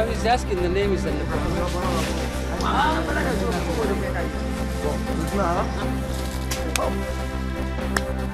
I was asking the name is on the problem.